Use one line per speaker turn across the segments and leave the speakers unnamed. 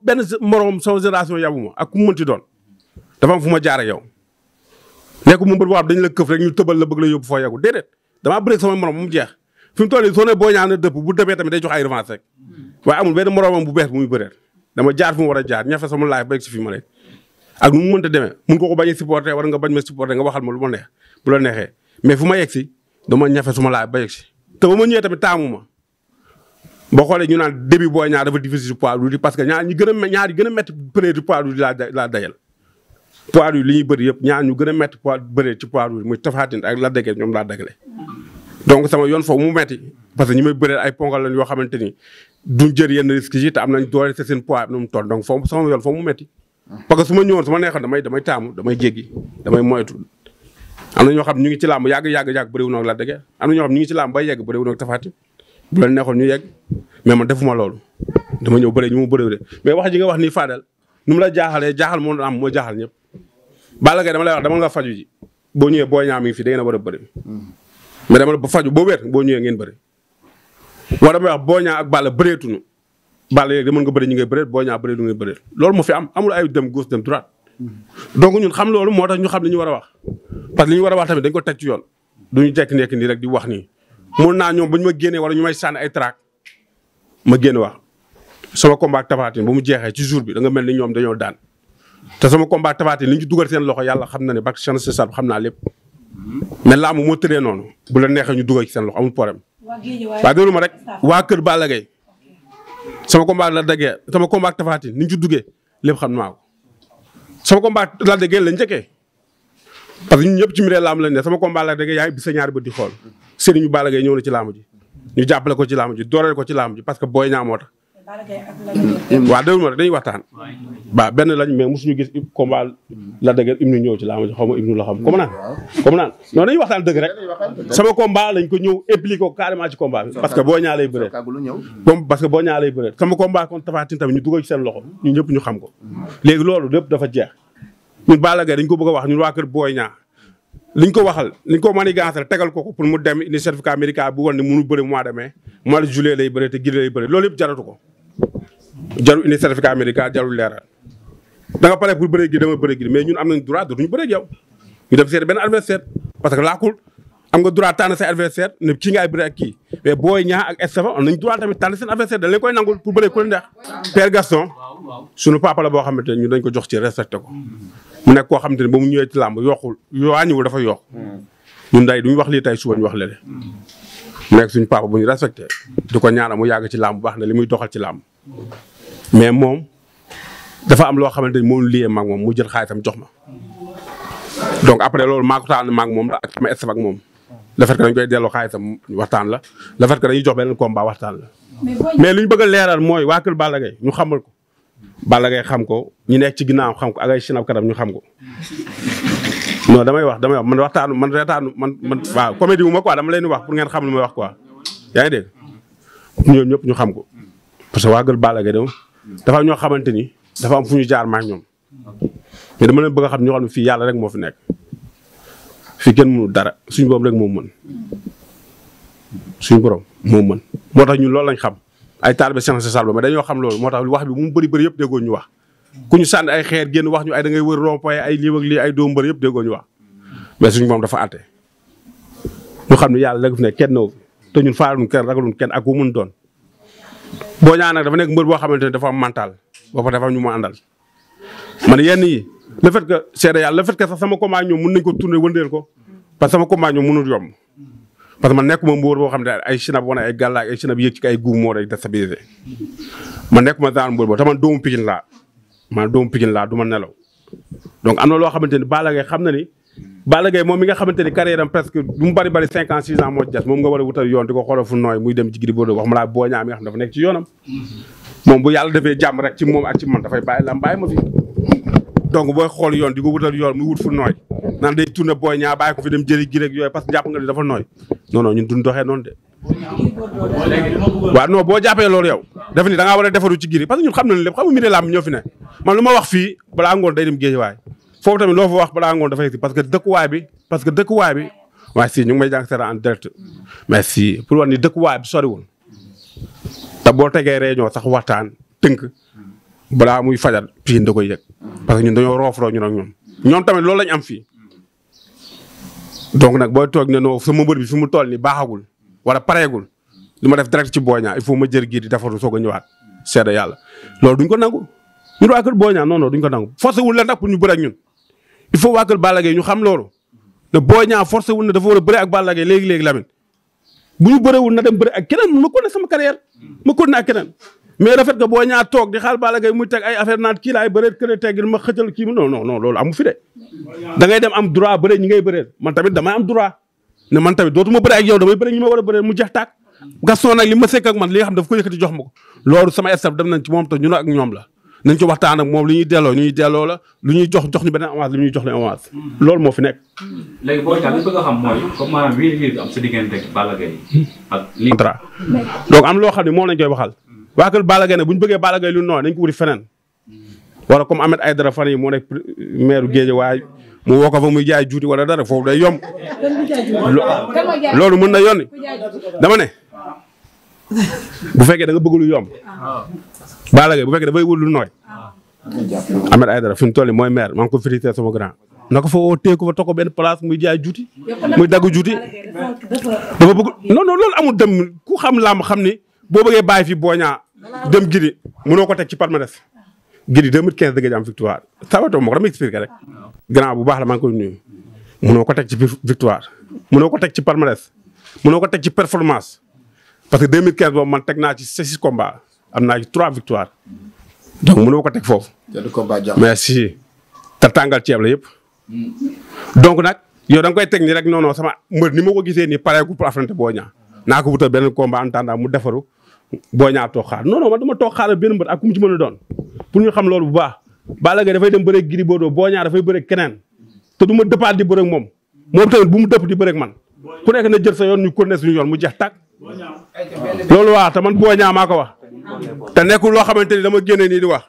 benn moroom sama génération yabuma ak ku mu mënti doon dafa am fu ma jaar ak yow nekkul mu mbër boo xam dañ la këf rek ñu tëbal la bëgg la yóbbu foo yeggu déedéet dama bëreeg sama morom mu jeex fi mu toll nii soo ne boo ñaan dëpp bu demee tamit day jox ay revanche rek waaye amul benn moromam bu bees muy bëreel dama jaar fu war a jaar ñafe sama laaj ba fi ma rek ak nu mu mënta demee mun ko ko bañ a war nga bañ ma supporter nga waxal ma lu ma neex bu la neexee mais fu ma yegg si dama ñafe suma laaj ba yegg si te ba ma ñëwee tamit ma boo xoolee ñu naan début booy ñaar dafa difficile ci poids lourd parce que ñaar ñu gën a ñaar yi gën a métti bëree ci poids lourd laa laa dajal. poids lourd li ñuy yëpp ñaar ñu gën a métti poids bëree ci poids lourd muy Tapha Tine ak Lac donc sama yoon foofu mu métti parce que ñi may bëreel ay pongal lañ yoo xamante ni duñ jël yenn risques yi te am nañ doole te seen nu mu toll donc sama yoon foofu mu parce que su ma ñëwoon su ma neexoon damay damay taamu damay jéggi damay moytu. am na ñu ngi ci làmb yàgg yàgg yàgg ngi ci làmb bay yegg bëriwul bu la neexoon ñu yegg mais man defuma loolu dama ñëw bëre ñu mu bëre mais wax ji nga wax nii Fadel nu mu la jaaxalee jaaxal moo am moo jaaxal ñëpp. Balla Gaye dama lay wax dama nga faju ji boo ñëwee boo ñaam mi ngi fi da ngeen war a bëri mais dama la faju boo wér boo ñëwee ngeen bëri. war dama wax boo ñaa ak Balla bëreetuñu Balla yeeg da mën nga bëri ñu ngay bëreet boo ñaa bëri du ngay loolu moo fi am amul ay dem gauche dem droite. donc ñun xam loolu moo tax ñu xam li ñu war a wax parce que li ñu war a wax tamit dañ ko teg ci yoon ñu jekki nekk nii rek di wax nii mun naa ñoom bu ñu ma génnee wala ñu may sànni ay traak ma génn wax sama combat bu mu jeexee ci jour bi da nga mel ni ñoom dañoo daan te sama combat tafatin li ñu dugal seen loxo yàlla xam na ne bak chance sa xam naa lépp mais laamu moo tëddee noonu bu la neexee ñu dugal ci seen loxo amul problème. waa ma rek waa Kër Balla Gaye sama la dagee sama combat tafatin ni ñu ci duggee lépp xam naa ko sama combat la la njëkkee parce ñëpp ci mbir laam lañ ne sama combat yaay bi sa ñaari ba di xool. sëriñu Balla Gaye ñëw na ci laamu ji ñu jàppale ko ci laamu ji dooleel ko ci laamu ji parce que booy ñaa moo tax. waaw déglu ma rek dañuy waxtaan. waaw benn lañ mais mosuñu gis combat la dëgg im ñëw ci laamu ji xaw ma im nu la xam comme naan. comme naan non dañuy waxtaan dëgg rek sama lañ ko ñëw impliqué ko carrément ci combat bi. parce que boo ñaa lay bëree. comme parce que boo ñaa lay bëree sama combat kon Tapha Tine tamit ñu dugal ci seen loxo ñun ñëpp ñu xam ko. léegi loolu lépp dafa jeex ñun baala Gaye dañ ko bëgg a wax ñun waa kër booy ñaa liñ ko waxal liñ ko man manigancel tegal ko ko pour mu dem indi certificat médical bu woon ne mënu bëri mois de mai mois de juillet lay bëri te juillet lay bëri loolu yëpp jaratu ko jaru indi certificat médical jarul leeral da nga pare pour bëri gi dama bëri gi mais ñun am nañ droit dootuñu bëri ak yow ñu def seet benn adversaire parce que laakul am nga droit tànn sa adversaire ne kii ngaay bëri ak kii mais Boy Niang ak Estefan nañ droit tamit tànn seen adversaire dañ leen koy nangul pour bëree ku leen neex. Père Gaston sunu papa la boo xamante ne ñu dañ ko jox ci respecté ko mu nekk koo xamante ne ba mu ñëwee ci làmb yokkul wàññiwul dafa yokk ñun day duñu wax lii tey suba wax lele mu nekk suñu papa bu ñu respecté du ko ñaanal mu yàgg ci làmb baax na li muy doxal ci làmb mais moom dafa am loo xamante ni moom liyee maag moom mu jël xaalisam jox ma donc après loolu maa ko tànn maag moom ak sama Estefan ak moom. le fait que dañ koy delloo waxtaan la le fait que dañuy jox beneen combat waxtaan la. mais li ñu bëgg a leeral mooy waa kër Balla Gaye ñu xamal ko. bala Gaye xam ko ñu nekk ci ginnaaw xam ko ak ay sinab kanam ñu xam ko. non damay wax damay wax man waxtaanu man man man waaw comédie ma quoi dama leen di wax pour ngeen xam lu may wax quoi. yaa ngi ñëpp ñu xam ko parce que waa kër Balla Gaye dafa ñoo xamante ni dafa am fu ñu jaar ma ñoom mais a xam ñoo xam ne fii yàlla rek moo fi nekk. fii kenn mënu dara suñ borom rek moo mën suñu borom moom mën moo tax ñun loolu lañ xam ay taalibe Cheikh Anta Sall ba mais dañoo xam loolu moo tax wax bi mu bëri bëri yëpp déggoo ñu wax ku ñu sànni ay xeer génn wax ñu ay da ngay wër rond-point ay lii ak lii ay dóom bëri yëpp déggoo ñu wax mais suñ borom dafa àtte ñu xam ne yàlla def ne kenn naw te ñun faaluñ kenn ragaluñ kenn ak ku mun doon boo ñaa nag dafa nekk mbër boo xamante ne dafa am mental boo fa dafa ñu mu àndal man yenn le fait que seede yàlla le fait que sax sama combat ñoom mun nañ ko tourner wëndeel ko parce que sama nekkuma mbóor boo xam ne ay sinab wane ay gàllaak ay sinab yëg ci ay guub moo lay déstabiliser man nekkuma genre laa man ma nelaw na loo xamante ni Balla Gaye moom nga xamante ni carrière am presque bu mu bari bari cinq ans six ans moo ci des moom nga a wutal yoon moom bu yàlla defee jàmm rek ci moom ak ci man dafay bàyyi lam bàyyi ma fi donc booy xool yoon di ko wutal yoon muy wut fu nooy naan day tourné booy ñaa bàyyi ko fi dem jëli girek yooyu parce que nga ni dafa nooy non non ñun duñ de waaw non boo jàppee loolu yow dafa ni da ngaa war a ci giri parce que ñun xam nañ lépp xam nga mbiri làmb ñoo fi ne man lu ma wax fii balaa ngoon day dem géejuwaay foofu tamit loo fa wax balaa ngoon dafa yegsi parce que dëkkuwaay bi parce que dëkkuwaay bi waaye si ñu ngi may jàng seera en direct mais si pour wax ni dëkkuwaay bi soriwul boo tegee réunion sax waxtaan tënk balaa muy fajar Pikine da koy yëg parce que ñun dañoo roofloo ñun ak ñoom ñoom tamit loolu lañ am fii donc nag booy toog ne non sama mbër bi fi mu toll ni baaxagul wala pareegul li ma def direct ci booñaa il faut ma jër gii di defaru soog a ñëwaat seede yàlla loolu duñ ko nangu ñun waa kër booñaa non non duñ ko nangu forcé wul la nag pour ñu bëri ak ñun il faut waa kër Balla Gaye ñu xam loolu ne ñaa forcé wul na dafa war a bëri ak Balla Gaye léegi-léegi Lamine bu ñu bëriwul na dem bëri ak keneen sama carrière ko ne mais rafet nga boo ñaar toog di xaal Balla Gaye muy teg ay affaire naan kii laay bëreet kële teggil ma xëcal kii non non non loolu amu fi de. da ngay dem am droit bëre ñi ngay bëreet man tamit damay am droit ne man tamit dootuma bëre ak yow damay bëre war a mu jeex tàkk Gaston nag li ma sekk ak man ko yëkkati jox ma ko loolu sama staff dem nañ ci moom te ñun ak ñoom la nañ ci waxtaan ak moom lu ñuy delloo ñu ñuy delloo la lu jox jox ñu beneen avance lu ñuy jox la avance. loolu moo fi nekk. léegi boo xam a xam mooy comme donc am loo xam ne moom lañ koy waxal waa kër Balla Gaye bu ñu bëggee Balla Gaye lu nooy nañ ko wuti feneen wala comme Ahmed Aïdara fan yi moo nekk maire Guédiawaye mu woo ko fa muy jaay juuti wala dara foofu day yomb mën na yónni ne bu fekkee bëgg lu yomb bu fekkee dafay wut lu nooy Ahmed Aïdara fi mu toll mooy maire maa ko félicité sama grand na ko fa woo benn place muy jaay juuti muy dagg juuti dafa bëgg non non loolu dem ku xam làmb xam ni boo bëggee bàyyi fi booñaa dem gidi mënoo ko teg ci Palma def gidi 2015 da nga am victoire tawato moo ko dama expliqué rek grand bu baax la maa ngi koy nuyu mënoo ko teg ci victoire mënoo ko teg ci palmarès mënoo ko teg ci performance parce que 2015 boobu man teg naa ci six combats am naa ci trois victoires donc mënoo ko teg foofu. jënd combat jàmm merci. te tàngal ceeb la yëpp. donc nag yow da koy teg nii rek non sama mbër ni ma ko gisee nii pareegu pour affronter boo ñaa naa ko wutal benn combat en attendant mu defaru. boo ñaa toog xaar non man dama toog xaaral benn mbër ak ku ci mën doon pour ñu xam loolu bu baax Balla Gaye dafay dem bëre Gris Bordeaux boo ñaa dafay bëre keneen te du ma dëppaat di bëre ak moom moom tamit bu mu dëpp di bëre ak man ku nekk na jël sa yoon ñu connaît suñu yoon mu jeex tàkk loolu waa te man boo ñaa maa ko wax te nekkul loo xamante ni dama génne nii di wax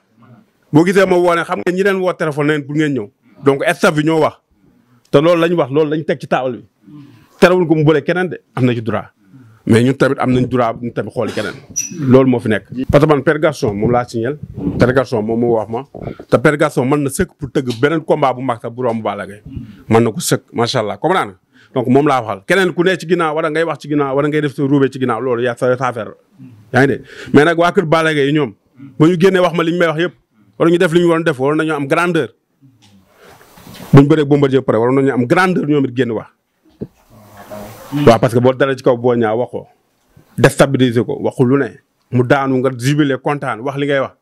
boo gisee ma woone xam nga ñi leen woo téléphone leen pour ngeen ñëw donc staff bi ñoo wax te loolu lañ wax loolu lañ teg ci taabal bi terewul ko mu bëre keneen de am na ci droit mais ñun tamit am nañ droit ñu tamit xool keneen loolu moo fi nekk. parce que man Père Gaston moom laa signal Père Gaston moom moo wax ma te Père Gaston mën na sëkk pour tëgg beneen combat bu mag sax bu romb Balla mën na ko sëkk macha allah comprendre nga donc moom laa waxal keneen ku ne ci ginnaaw wala ngay wax ci ginnaaw wala ngay def sa ruubee ci ginnaaw loolu yaa sa affaire la yaa mais nag waa kër Balla Gaye ñoom ba ñu génnee wax ma li ñu wax yëpp wala ñu def li ñu waroon def waroon nañoo am grandeur buñ bëree Bombardier pare waroon nañoo am grandeur ñoom génn wax Mm. waaw parce que boo dara ci kaw boo ñaa wax ko déstabiliser ko waxu lu ne mu daanu nga jubilé kontaan wax li ngay wax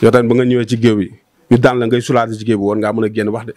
yow tamit ba nga ñëwee ci géew bi ñu daan la ngay sulaati ci géew bi war ngaa mën a génn wax de